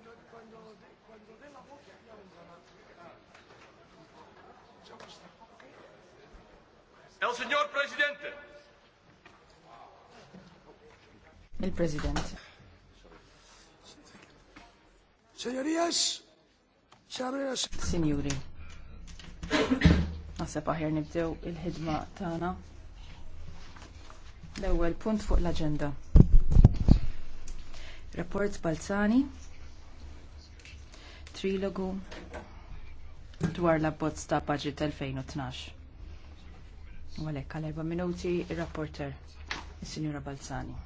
cuando, cuando, basta. El señor presidente. El presidente. Señorías, se abre la... Signori. Nasib aħjar nibdew il-ħidma tagħna. l punt fuq l agenda Report Balzani trilogu dwar l-abbozz ta' budget 2012. Għalek, għal erba' minuti, il-rapporter, il-Sinjura Balzani.